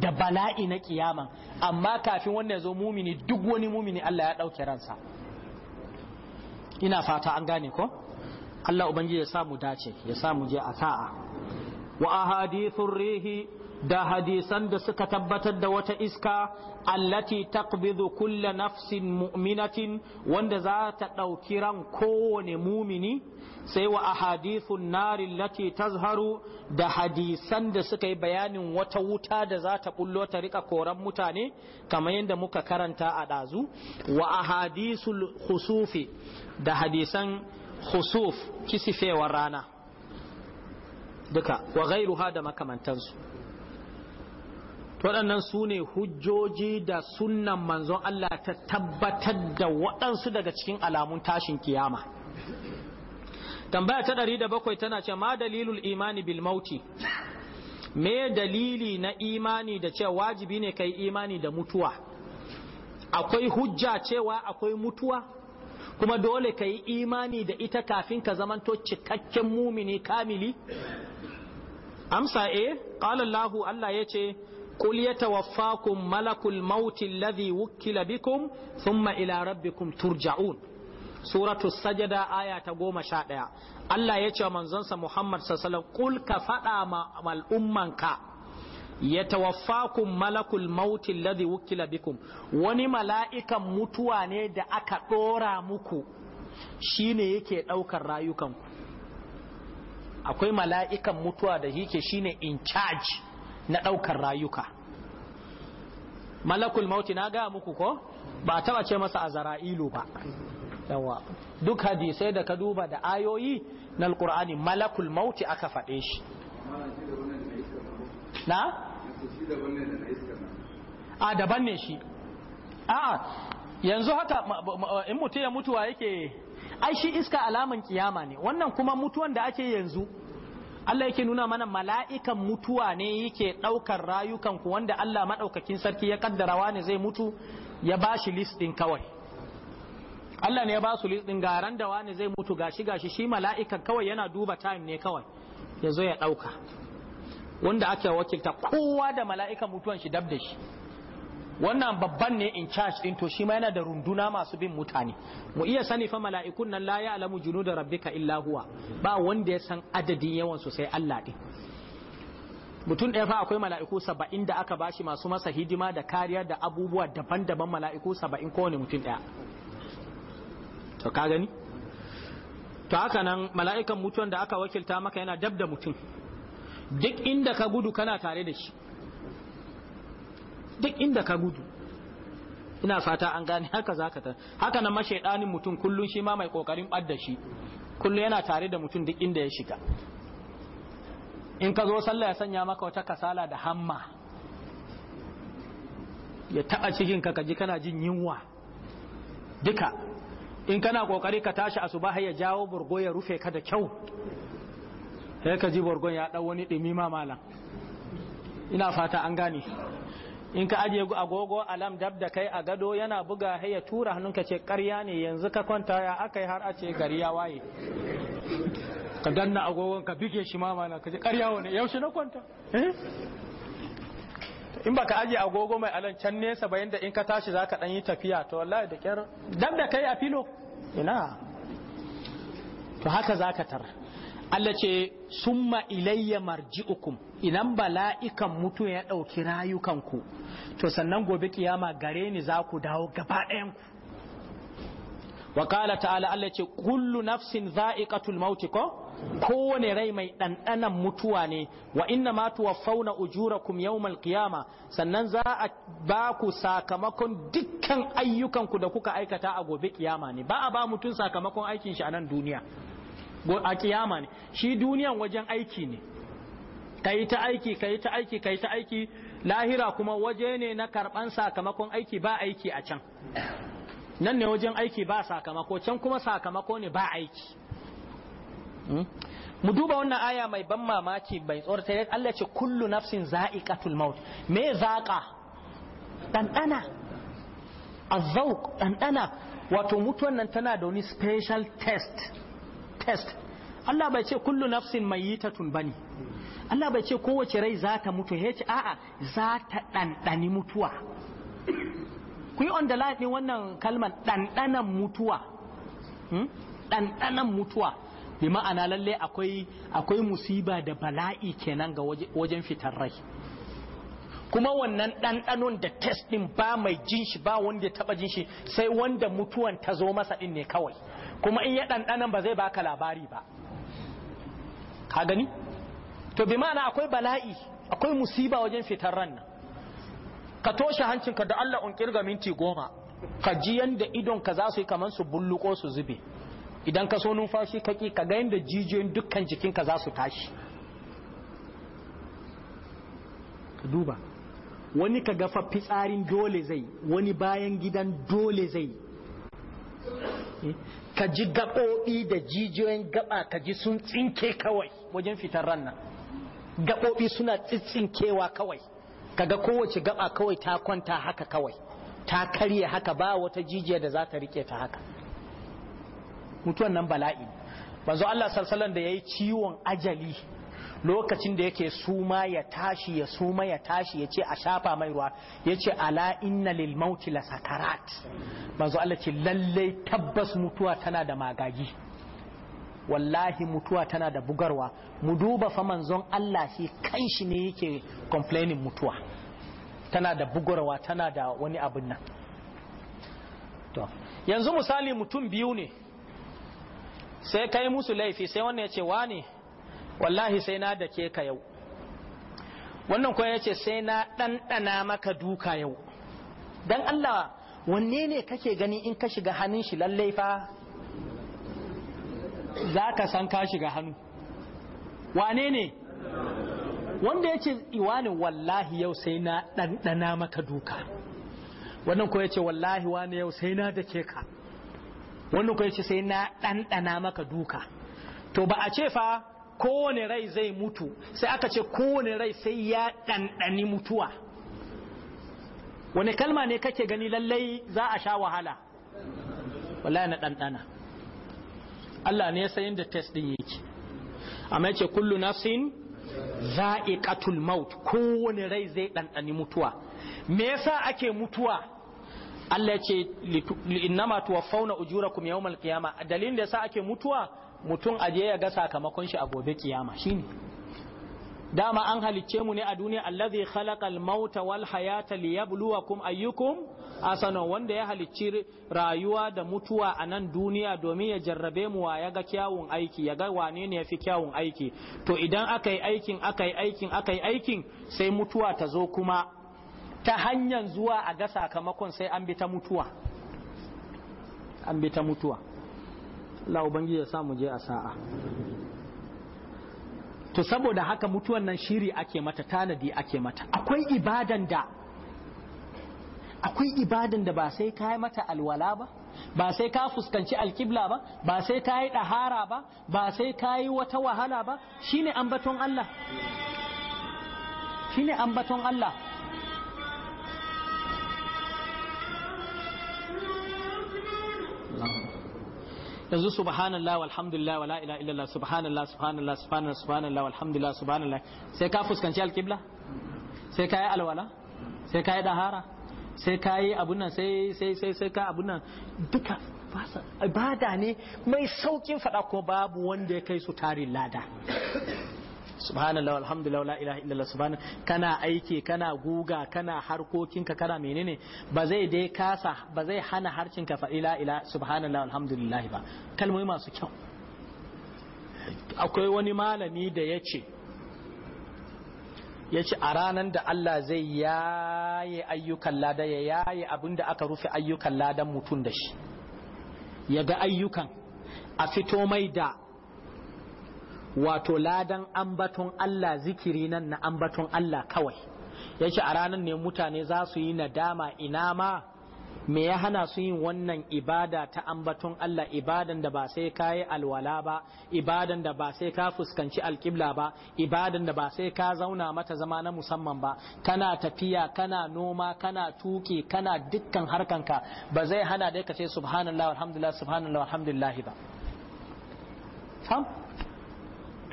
da bala'i na kiyaman amma kafin wanda ya zo mumini duk wani mumini Allah ya ɗauke ransa ina fata an gane ko Allah ubangiji ya samu dace ya samu je a sa'a wa ahadithur rihi da hadisan da suka tabbatar da wata iska allati taqbidu kulla nafsin mu'minatin wanda za ta ɗauki ran kowane mumini sai wa ahadithun nari allati tazharu da hadisan da suka yi bayanin wata wuta da za ta bullo ta rika koran mutane kamar yadda muka karanta a ɗazu wa ahadisul khusufi da hadisan khusuf kisifewar rana duka wa ha da makamantansu waɗannan su ne hujjoji da sunan manzon Allah ta tabbatar da waɗansu daga cikin alamun tashin kiyama tambaya ta ɗari da bakwai tana ce ma dalilul imani bil mauti me dalili na imani da ce wajibi ne kai imani da mutuwa akwai hujja cewa akwai mutuwa kuma dole ka yi imani da ita kafin ka zamanto cikakken mumini kamili amsa e eh. ƙalallahu Allah ya ce qul yatawaffakum malakul mauti alladhi wukkila bikum thumma ila rabbikum turja'un suratu sajada aya ta goma sha ɗaya Allah ya ce wa manzonsa Muhammad sallallahu qul ka faɗa ma al'ummanka ya tawaffakum malakul mauti alladhi wukila bikum wani mala'ikan mutuwa ne da aka ɗora muku shine yake ɗaukar rayukanku akwai mala'ikan mutuwa da yake shine in charge na ɗaukar rayuka malakul mauti na gaya muku ko ba taɓa ce masa a zara'ilu ba yawa duk hadisai da ka duba da ayoyi na alkur'ani malakul mauti aka faɗe shi na? a daban ne shi a yanzu haka in mutu ya mutuwa yake ai shi iska alaman kiyama ne wannan kuma mutuwan da ake yanzu Allah yake nuna mana mala'ikan mutuwa ne yake ɗaukar rayukan ku wanda Allah maɗaukakin sarki ya kaddara wani zai mutu ya ba shi list ɗin kawai Allah ne ya ba su list garan da wani zai mutu gashi gashi shi mala'ikan kawai yana duba time ne kawai ya zo ya ɗauka wanda ake wakilta kowa da mala'ikan mutuwan shi dab da shi wannan babban ne in charge din to shi ma yana da runduna masu bin mutane mu iya sani fa mala'ikun nan la ya'lamu junuda rabbika illa huwa ba wanda ya san adadin yawan su sai Allah din mutum ɗaya fa akwai mala'iku saba'in da aka bashi masu masa hidima da kariya da abubuwa daban-daban mala'iku saba'in kowane mutum ɗaya to ka gani to haka nan mala'ikan mutuwan da aka wakilta maka yana dab da mutum duk inda ka gudu kana tare da shi duk inda ka gudu ina fata an gane haka zaka ta haka nan mashaidanin mutum kullun shi ma mai kokarin badda shi kullun yana tare da mutum duk inda ya shiga in ka zo sallah ya sanya maka wata kasala da hamma ya taba cikin ka kaji kana jin yunwa duka in kana kokari ka tashi asuba ya jawo burgo ya rufe ka da kyau sai ka ji burgon ya dau wani dimi ma malam ina fata an gane in ka ajiye agogo alam dab da kai a gado yana buga ya tura hannunka ce karya ne yanzu ka kwanta ya aka yi har a ce gari ya waye ka danna agogon ka bige shi ma mana ka ce karya wani yaushe na kwanta eh? in baka ajiye agogo mai alan can nesa bayan da in ka tashi za ka yi tafiya to wallahi da kyar dab da kai a filo ina to haka za ka tar Allah ce summa ilayya marji'ukum idan bala'ikan mutu ya dauki rayukanku to sannan gobe kiyama gare ni za ku dawo gaba ku. wa ta'ala Allah ce kullu nafsin za'iqatul maut ko kowane rai mai ɗanɗanan mutuwa ne wa inna ma tuwaffawna ujurakum yawmal qiyama sannan za a ba ku sakamakon dukkan ayyukanku da kuka aikata a gobe kiyama ne ba a ba mutum sakamakon aikin shi a nan duniya a kiyama ne shi duniyan wajen aiki ne ka yi ta aiki ka yi ta aiki ka yi ta aiki lahira kuma waje ne na karɓan sakamakon aiki ba aiki a can nan ne wajen aiki ba sakamako can kuma sakamako ne ba aiki hmm? mu duba wannan aya mai ban mamaki bai tsorta Allah ce kullu nafsin za'iqatul maut me zaqa ɗanɗana azauq Dandana. wato mutuwan nan tana da wani special test test Allah bai ce kullu nafsin mayyitatun bane Allah bai ce kowace rai za ta mutu ya ce a'a za ta ɗanɗani mutuwa ku yi on the line wannan kalmar ɗanɗanan mutuwa hmm? ɗanɗanan mutuwa bi ma'ana lalle akwai akwai musiba da bala'i kenan ga wajen fitar rai kuma wannan ɗanɗanon da test ɗin ba mai jin shi ba wanda ya taɓa jin shi sai wanda mutuwan ta zo masa ɗin ne kawai kuma in ya ɗanɗanan ba zai baka labari ba ka gani to bi ma'ana akwai bala'i akwai musiba wajen fitar ran ka toshe hancinka da Allah on kirga minti goma ka ji yanda idon za su yi kamar su bulluko su zube idan ka so numfashi ka ki ka ga yanda jijiyoyin dukkan jikinka za su tashi duba wani ka gafa fitsarin dole zai wani bayan gidan dole zai eh, ka ji gaɓoɓi da jijiyoyin gaɓa ka ji sun tsinke kawai wajen fitar rannan gaɓoɓi suna tsitsinkewa kawai kaga kowace gaɓa kawai ta kwanta haka kawai ta karye haka ba wata jijiya da za ta rike ta haka mutuwan nan bala'i banzu Allah sarsalan da ya yi ciwon ajali lokacin da yake suma ya tashi ya suma ya tashi ya ce a shafa mai ruwa ya ce ala inna lil mauti la sakarat banzu Allah ce lallai tabbas mutuwa tana da magagi wallahi mutuwa tana da bugarwa mu duba fa manzon Allah shi kanshi ne yake complaining mutuwa tana da bugarwa tana da wani abin nan to yanzu misali mutum biyu ne sai kai musu laifi sai wannan ya ce wane wallahi sai na da ke ka yau wannan kuma yace sai na ɗanɗana maka duka yau dan Allah wanne ne kake gani in ka shiga hannun shi lallai fa za ka san ka shiga hannu wane ne wanda ya ce iwanin wallahi yau sai na ɗanɗana maka duka wannan kuwa ya ce wallahi wani yau sai na dake ka wannan kuwa ya ce sai na ɗanɗana maka duka to ba a ce fa kowane rai zai mutu sai aka ce kowane rai sai ya ɗanɗani mutuwa wani kalma ne kake gani lallai za a sha wahala wallahi na ɗanɗana Allah ne ya san yadda test din yake amma yace kullu nafsin za'iqatul maut kowane rai zai dandani mutuwa me yasa ake mutuwa Allah yace innama tuwaffawna ujurakum yawmal qiyamah dalilin da yasa ake mutuwa mutum aje ya ga sakamakon shi a gobe kiyama shine dama an halicce mu ne a duniya allazi khalaqal mauta wal hayata liyabluwakum ayyukum asana wanda ya halicci rayuwa da mutuwa a nan duniya domin ya jarrabe mu wa ya ga kyawun aiki ya ga wane ne yafi kyawun aiki to idan aka yi aikin aka yi aikin aka aikin sai mutuwa ta zo kuma ta hanyar zuwa a ga sakamakon sai an bi ta mutuwa an bi ta mutuwa Allah ubangiji ya sa mu je a sa'a to saboda haka mutuwan nan shiri ake mata tanadi ake mata akwai ibadan da akwai ibadan da ba sai ka mata alwala ba ba sai ka fuskanci alkibla ba ba sai ka yi ɗahara ba ba sai ka yi wata wahala ba shine ambaton Allah shine ambaton Allah yanzu subhanallah walhamdulillah wala ilaha illallah subhanallah subhanallah subhanallah subhanallah walhamdulillah subhanallah sai ka fuskanci alqibla sai ka yi alwala sai ka yi dahara sai ka yi abun nan sai sai sai sai ka abun nan duka ibada ne mai saukin fada kuma babu wanda ya kai su tarin lada subhanallah alhamdulillah la ilaha illallah subhana kana aiki kana guga kana harkokinka kana menene ba zai dai kasa ba zai hana harcinka faɗi la ila subhanallah alhamdulillah ba kalmomi masu kyau akwai wani malami da ya ce ya ce a ranar da Allah zai yaye ayyukan lada ya yaye abin da aka rufe ayyukan ladan mutum da shi ya ga ayyukan a fito mai da wato ladan ambaton Allah zikiri nan na ambaton Allah kawai yace a ranar ne mutane za su yi nadama ina ma me ya hana su yin wannan ibada ta ambaton Allah ibadan da ba sai ka yi alwala ba ibadan da ba sai ka fuskanci alkibla ba ibadan da ba sai ka zauna mata zama na musamman ba kana tafiya kana noma kana tuki kana dukkan harkanka ba zai hana dai ka ce subhanallah alhamdulillah subhanallah alhamdulillah ba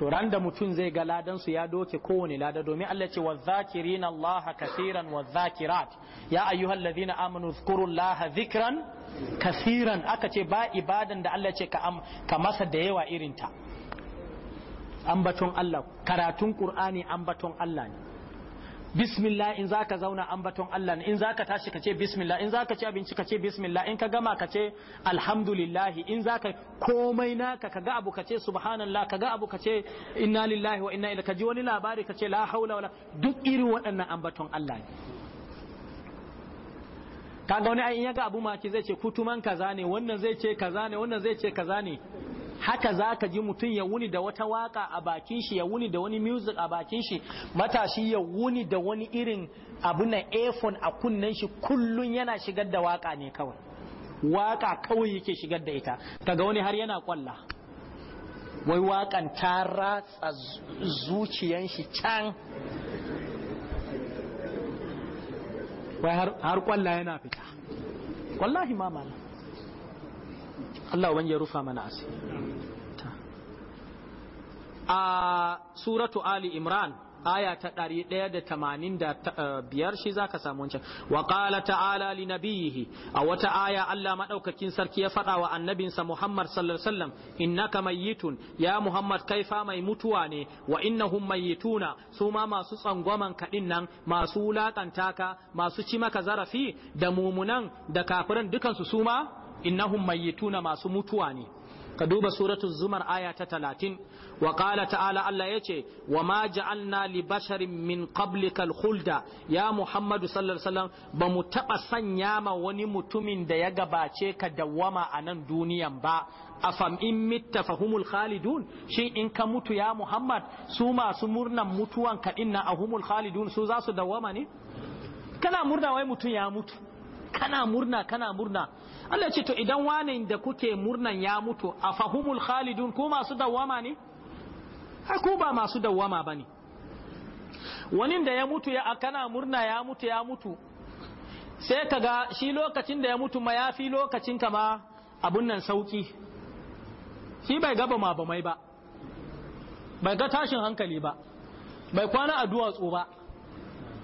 to ran da mutum zai ga ladan su ya doke kowane lada domin Allah ce wa zakirina Allah kasiran wa zakirat ya ayyuhal ladina amanu zkuru Allah zikran kasiran aka ce ba ibadan da Allah ce ka masa da yawa irinta ambaton Allah karatun Qur'ani ambaton Allah ne bismillah in zaka zauna ambaton Allah in zaka tashi ka ce bismillah in zaka ci abinci ka ce bismillah in ka gama ka ce alhamdulillah in zaka komai naka ka ga abu ka ce subhanallah ka ga abu ka ce inna lillahi wa inna ilaihi ka ji wani labari ka ce la haula wala duk irin waɗannan ambaton Allah ne kaga wani ai in ya ga abu maki zai ce kutuman kaza ne wannan zai ce kaza ne wannan zai ce kaza ne haka za ka ji mutum ya wuni da wata waka a bakin shi ya wuni da wani music a bakin shi matashi ya wuni da wani irin abu na iphone a kunnen shi kullun yana shigar da waka ne kawai waka kawai yake shigar da ita kaga wani har yana kwalla wai wakan ta ratsa zuciyan shi can wai har kwalla yana fita wallahi ma Allah wani ya rufa mana asiri a suratu ali imran aya ta ɗari ɗaya da tamanin da eh, biyar shi za ka samu wancan wa ƙala ta'ala li nabiyihi a wata aya Allah maɗaukakin sarki ya faɗa wa annabinsa Muhammad sallallahu alaihi wasallam yi mayyitun ya Muhammad kai fa mai mutuwa ne wa innahum mayyituna su ma masu tsangwaman kaɗin nan masu wulaƙanta ka masu ci maka zarafi da mumunan da kafiran dukansu su ma innahum mayyituna masu mutuwa ne ka duba suratul zumar aya ta talatin wa qala ta'ala Allah yace wa ma ja'alna li basharin min qablikal khulda ya Muhammadu sallallahu alaihi wasallam ba mu taba sanya ma wani mutumin da ya gabace ka dawwama a nan duniyan ba afam in mitta fahumul khalidun shin in ka mutu ya Muhammad su masu murnan mutuwan ka a ahumul khalidun su za su dawwama ne kana murna wai mutum ya mutu kana murna kana murna Allah ya ce to idan wani da kuke murnan ya mutu a fahumul khalidun ko masu dawama ne ko ba masu dawwama bane wani da ya mutu ya kana murna ya mutu ya mutu sai kaga shi lokacin da ya mutu ma ya fi lokacin ka ma abun nan sauki shi bai gaba ma ba mai ba bai ga tashin hankali ba bai kwana a duwatsu ba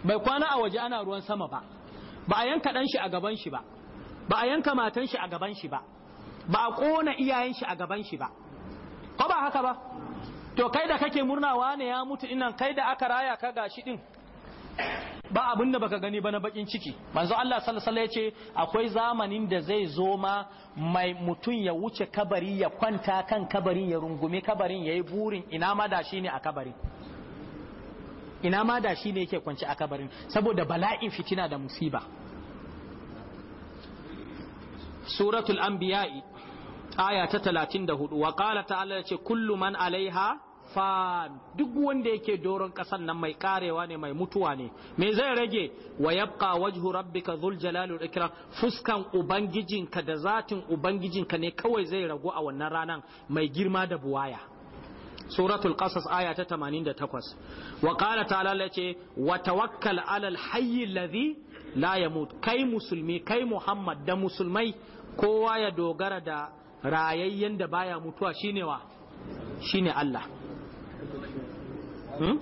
bai kwana a waje ana ruwan sama ba ba a yanka dan shi a gaban shi ba ba a yanka matan shi a gaban shi ba ba a ƙona iyayen shi a gaban shi ba ko ba haka ba to kai da kake murnawa ne ya mutu inan kai da aka raya ka gashi din ba abin da baka gani ba na bakin ciki manzo Allah sallallahu alaihi wasallam akwai zamanin da zai zo ma mai mutun ya wuce kabari ya kwanta kan kabarin ya rungume kabarin yayi burin ina ma da shi ne a kabarin ina ma da shi ne yake kwance a kabarin saboda bala'in fitina da musiba suratul anbiya'i aya ta 34 wa qala ta'ala yace kullu man alaiha fa duk wanda yake doron kasan nan mai karewa ne mai mutuwa ne me zai rage wa yabqa wajhu rabbika dhul jalali wal ikram fuskan ubangijinka da zatin ubangijinka ne kawai zai ragu a wannan ranan mai girma da buwaya suratul qasas aya ta 88 wa qala ta'ala lace wa tawakkal alal hayy alladhi la yamut kai musulmi kai muhammad da musulmai kowa ya dogara da rayayyen da baya mutuwa shine wa shine Allah hmm?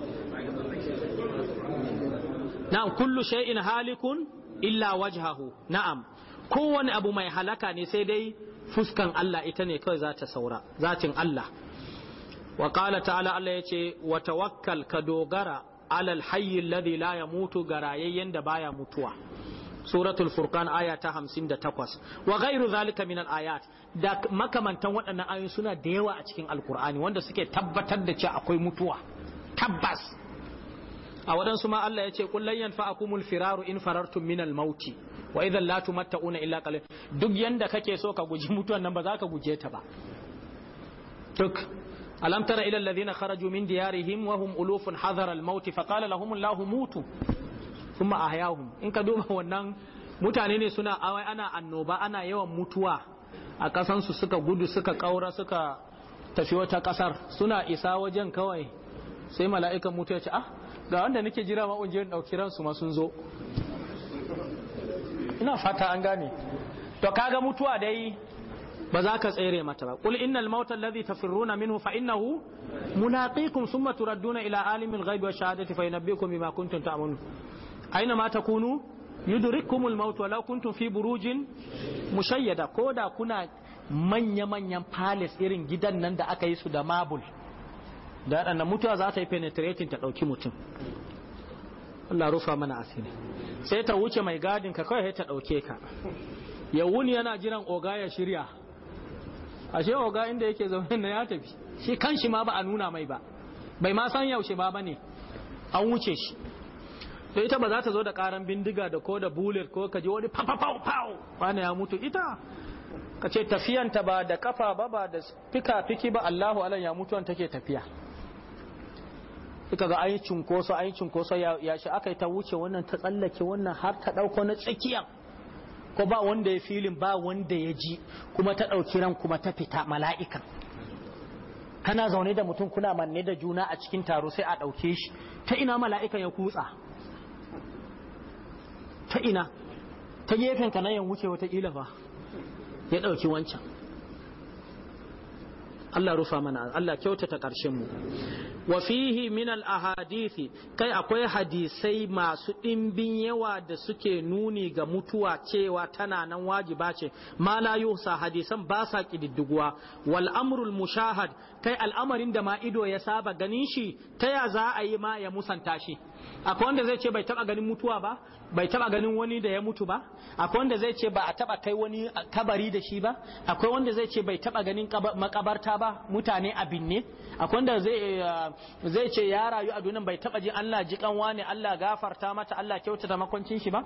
na'am kullu shay'in halikun illa wajhahu na'am kowane abu mai halaka ne sai dai fuskan Allah ita ne kawai za ta saura zatin Allah waƙala qala ta'ala Allah yace wa tawakkal ka dogara alal ladila alladhi la yamutu garayayyen da baya mutuwa suratul furqan aya ta 58 wa ghairu zalika min al ayat da makamantan waɗannan ayoyi suna da yawa a cikin alkur'ani wanda suke tabbatar da cewa akwai mutuwa tabbas a waɗansu ma Allah ya ce kullun yanfa'akumul firaru in farartum min al mauti wa latu la tumatta'una illa qalil duk yanda kake so ka guji mutuwan nan ba za ka guje ta ba duk ألم تر إلى الذين خرجوا من ديارهم وهم ألوف حذر الموت فقال لهم الله موتوا ثم أحياهم إن كدوما ونن mutane ne suna awai ana annoba ana yawan mutuwa a kasansu suka gudu suka ƙaura suka tafi wata ƙasar suna isa wajen kawai sai mala'ikan mutu ya ce ah ga wanda nake jira ma unje dauki ransu ma sun zo ina fata an gane to kaga mutuwa dai ba za ka tsere mata ba qul innal mauta alladhi tafirruna minhu fa innahu mulaqikum thumma turadduna ila alimil ghaibi wash shahadati fa yunabbiukum bima kuntum ta'malun aina ma takunu yudrikkumul maut walau kuntum fi burujin mushayyada koda kuna manya manyan palace irin gidan nan da aka yi su da mabul da dan mutuwa za ta yi penetrating ta dauki mutum Allah rufa mana asiri sai ta wuce mai gadin ka kawai ta dauke ka Yawuni yana jiran oga ya shirya ashe oga inda yake zaune na ya tafi shi kanshi ma ba a nuna mai ba bai ma san yaushe ba bane an wuce shi to ita ba za ta zo da karan bindiga da ko da bullet ko ka ji wani papapau pau wani ya mutu ita ka ce tafiyanta ba da kafa ba ba da fika fiki ba Allahu alan ya mutuwan take tafiya suka ga ayi cunkoso ayi cunkoso ya shi aka yi ta wuce wannan ta tsallake wannan har ta ɗauko na tsakiya ko ba wanda ya filin ba wanda ya ji kuma ta ɗauki ran kuma ta fita mala'ikan kana zaune da mutum kuna manne da juna a cikin taro sai a ɗauke shi ta ina mala'ikan ya kutsa ta ina ta gefen kanayen yan wuce wata ba ya ɗauki wancan Allah rufa mana Allah kyautata ƙarshen mu wa fihi min al ahadithi kai akwai hadisai masu ɗimbin yawa da suke nuni ga mutuwa cewa tana nan wajiba ce ma la yusa hadisan ba sa kididdiguwa wal amrul mushahad kai al'amarin da ma ido ya saba ganin shi ta ya za a yi ma ya musanta shi akwai wanda zai ce bai taba ganin mutuwa ba bai taba ganin wani da ya mutu ba akwai wanda zai ce ba a taba kai wani kabari da shi ba akwai wanda zai ce bai taba ganin makabarta ba mutane a binne akwai wanda zai eh, ce ya rayu a duniya bai taba ji Allah ji kan wani Allah gafarta mata Allah kyautata makoncin shi ba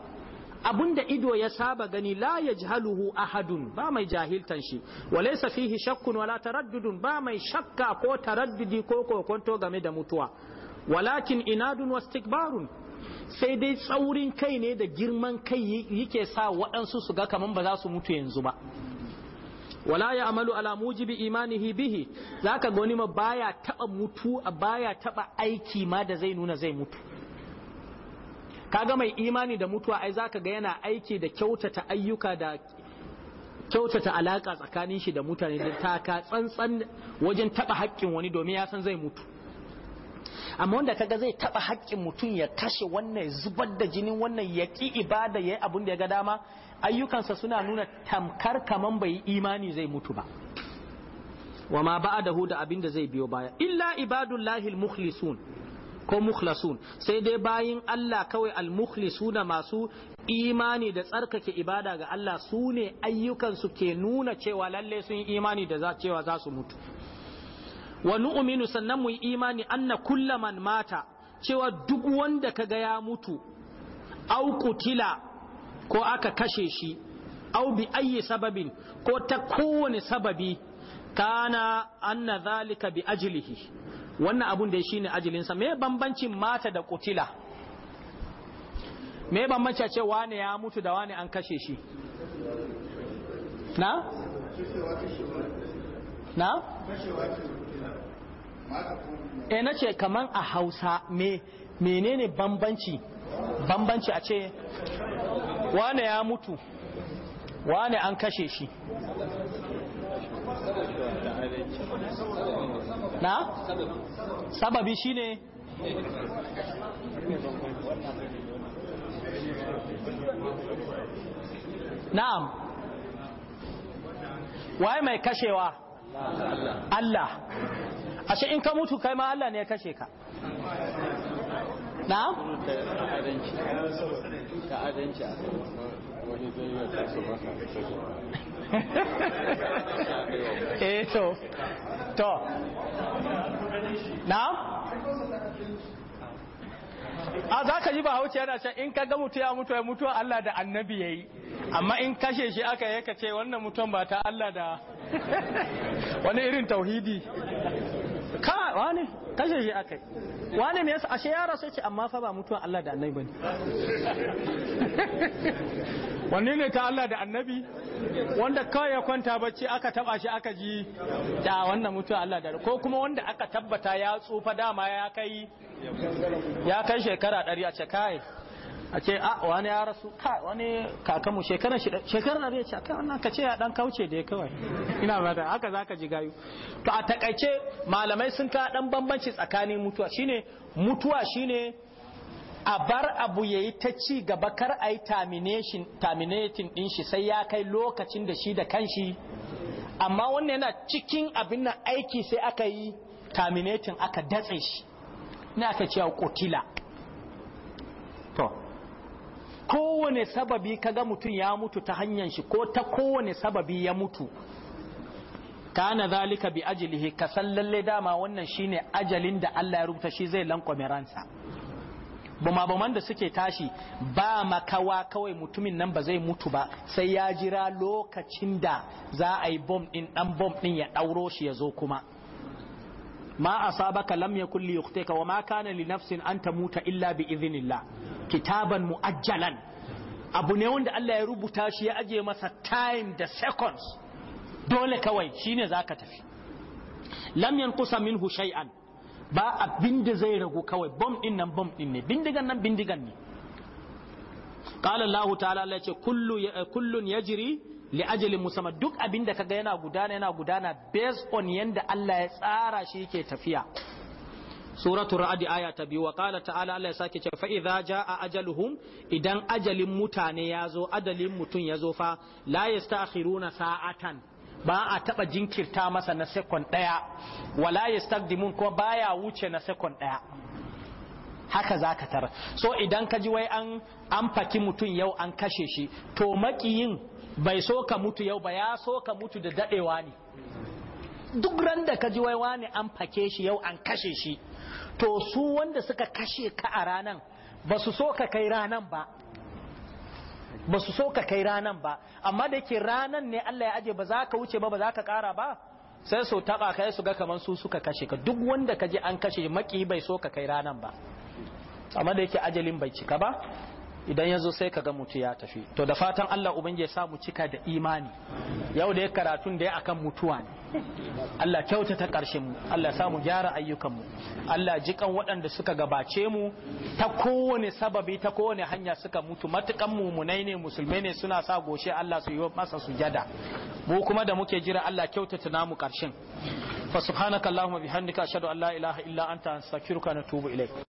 abunda ido ya saba gani la yajhaluhu ahadun ba mai jahiltan shi walaysa fihi shakkun wala taraddudun ba mai shakka ko taraddudi ko kokonto game da mutuwa walakin inadun tikbarun sai dai tsaurin kai ne da girman kai yake sa waɗansu su ga kaman ba za su mutu yanzu ba wala ya amalu ala mujibi imanihi bihi zaka ga wani ma baya taba mutu baya taba aiki ma da zai nuna zai mutu kaga mai imani da mutuwa ai zaka ga yana aiki da kyautata ayyuka da kyautata alaka tsakanin shi da mutane da taka tsantsan wajen taba haƙƙin wani domin ya san zai mutu amma wanda kaga zai taba haƙƙin mutum ya kashe wannan zubar da jinin wannan ya ki ibada yi abin da ya ga dama ayyukansa suna nuna tamkar kaman bai imani zai mutu ba wa ma ba da abin da zai biyo baya illa ibadullahi al-mukhlisun ko mukhlasun sai dai bayin Allah kawai al-mukhlisuna masu imani da tsarkake ibada ga Allah su ne ayyukansu ke nuna cewa lalle sun yi imani da za cewa za su mutu wa nu'minu sannan mu yi imani anna kullaman mata cewa duk wanda kaga ya mutu au kutila ko aka kashe shi au bi ayyi sababin ko ta kowane sababi kana anna zalika bi ajlihi wannan abun da shine sa me bambancin mata da kutila me bambanci ce wane ya mutu da wane an kashe shi na na e na ce kaman a hausa me menene bambanci bambanci a ce wane ya mutu wane an kashe shi na sababi shi ne? na'am waye mai kashewa Allah ashe in ka mutu kai ma Allah ne ya kashe ka na'am eh to to na'am a za ka yi ba hauci yana can in ka ga mutu ya mutu ya mutu Allah da annabi ya yi amma in kashe shi aka yi ka ce wannan mutum ba ta Allah da wani irin tauhidi ka wane kashe shi akai wane me yasa ashe ya rasu ce amma fa ba mutuwa Allah da annabi bane wanne ne ta Allah da annabi wanda kawai ya kwanta bacci aka taba shi aka ji da wannan mutuwa Allah da ko kuma wanda aka tabbata ya tsufa dama ya kai ya kai shekara 100 a ce kai a ce a ah, wani ya rasu ka wani kakamu shekarar shekarar ya ce kai wannan ka ce ya dan kauce da ya kawai ina mata haka zaka ji gayu to a takaice malamai sun ka dan bambanci tsakanin mutuwa shine mutuwa shine a bar abu ya yi ta ci gaba kar a yi terminating din shi sai ya kai lokacin da shi da kanshi amma wannan yana cikin abin nan aiki sai aka yi terminating aka datse shi ne aka cewa kotila kowane sababi kaga mutum ya mutu ta hanyar shi ko ta kowane sababi ya mutu kana zalika bi ajilihi ka san lalle dama wannan shine ajalin da Allah ya rubuta shi zai lankwame ransa bumabuman da suke tashi ba makawa kawai mutumin nan ba zai mutu ba sai ya jira lokacin da za a yi bom din dan bom din ya dauro shi ya zo kuma ma asabaka lam yakul li yukhtika wa ma kana li nafsin an tamuta illa bi idhnillah kitaban muajjalan abu ne wanda Allah ya rubuta shi ya aje masa time da seconds dole kawai shine zaka tafi lam yanqusa minhu shay'an ba abinda zai ragu kawai bom din nan bom din ne bindigan nan bindigan ne qala Allah ta'ala Allah ce kullu kullun yajri li ajali musamman duk abinda kaga yana gudana yana gudana based on yanda Allah ya tsara shi yake tafiya suratu ra'adi aya ta biyu wa qala ta'ala Allah ya sake ce fa idza jaa ajaluhum idan ajalin mutane yazo ajalin mutun yazo fa la yasta'khiruna sa'atan ba a taba jinkirta masa na second daya wala yastaqdimun ko baya wuce na second daya haka zaka tara so idan ka ji wai an an faki mutun yau an kashe shi to makiyin bai so ka mutu yau ba ya so ka mutu da dadewa ne duk ran da ka ji wai wani an fake shi yau an kashe shi to su wanda suka kashe ka a ranan ba su so ka kai ranan ba ba su so ka kai ranan ba amma da yake ranan ne Allah ya aje ba za ka wuce ba ba za ka kara ba sai su taba ka su ga kaman su suka kashe ka duk wanda ka ji an kashe maki bai so ka kai ranan ba amma da yake ajalin bai cika ba idan ya zo sai ka ga mutu ya tafi to da fatan Allah ubangiji ya sa mu cika da imani yau da ya karatun da ya akan mutuwa ne Allah kyauta ta karshen mu Allah sa mu gyara ayyukan mu Allah jikan waɗanda suka gabace mu ta kowane sababi ta kowane hanya suka mutu matukan mumunai ne musulmai ne suna sa goshe Allah su yi masa sujada mu kuma da muke jira Allah kyautata namu karshen fa subhanakallahumma bihamdika ashhadu an la ilaha illa anta astaghfiruka wa atubu ilaik